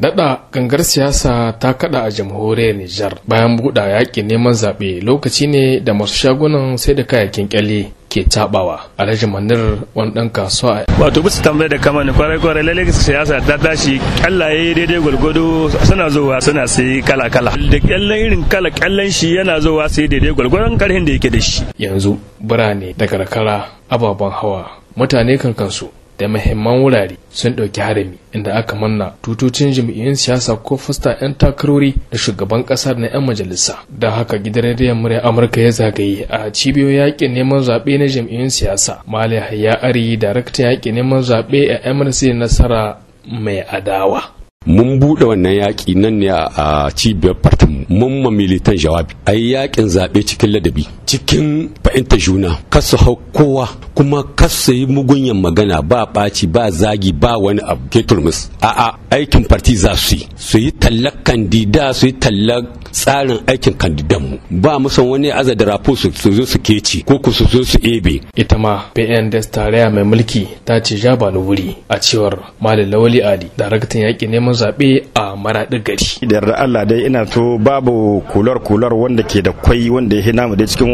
Dada gangar siyasa ta kada a jamhuriyar Nijar bayan buɗa yaƙi neman zaɓe lokaci ne da masu shagunan sai da kayayyakin ƙyalle ke tabawa a manir wani ɗan kasuwa wato bisa tambayar da kama ni kwarai kwarai lalle siyasa ta tashi ƙyallaye daidai gwalgwado suna zuwa suna sai kala kala da ƙyallen irin kala ƙyallen shi yana zuwa sai daidai gwalgwadon karhin da yake da shi yanzu birane da karkara ababen hawa mutane kan kansu da mahimman wurare sun ɗauki harami inda aka manna tutocin jami'in siyasa ko fasta 'yan takarori da shugaban ƙasar na 'yan majalisa da haka gidan rediyon murya amurka ya zagaye a cibiyoyin yakin neman zaɓe na jami'in siyasa mali hayya ari daraktan yakin neman zaɓe a mrc nasara mai adawa mun buɗe wannan yaƙi nan ne a cibiyar fartin mun ma militan jawabi ai yaƙin zaɓe cikin ladabi cikin fahimta juna kasu hau kowa kuma kasu yi mugunyan magana ba ɓaci ba zagi ba wani abu ke turmus a'a aikin farti za su yi su yi tallar kandida su yi tallar tsarin aikin kandidan mu ba musan wani aza da rafo su zo su keci ko ku su zo su ebe ita ma pnds tarayya mai mulki ta ce ja ba wuri a cewar malin lawali ali daraktan yaƙi neman zaɓe a maraɗi gari da Allah dai ina babu kular kular wanda da kwai wanda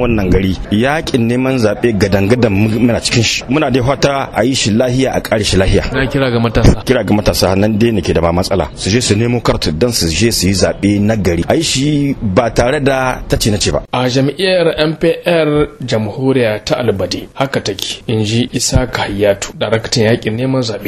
wannan gari yakin neman zaɓe ga dangadan muna cikin shi muna dai fata a yi shi lahiya a ƙare shi lahiya na kira ga matasa kira ga matasa nan dai nake da ba matsala su je su nemo kartu dan su je su yi zaɓe na gari a yi shi ba tare da ta ce na ce ba a jam'iyyar mpr jamhuriya ta albade haka take in ji isa kahiyatu daraktan yakin neman zaɓe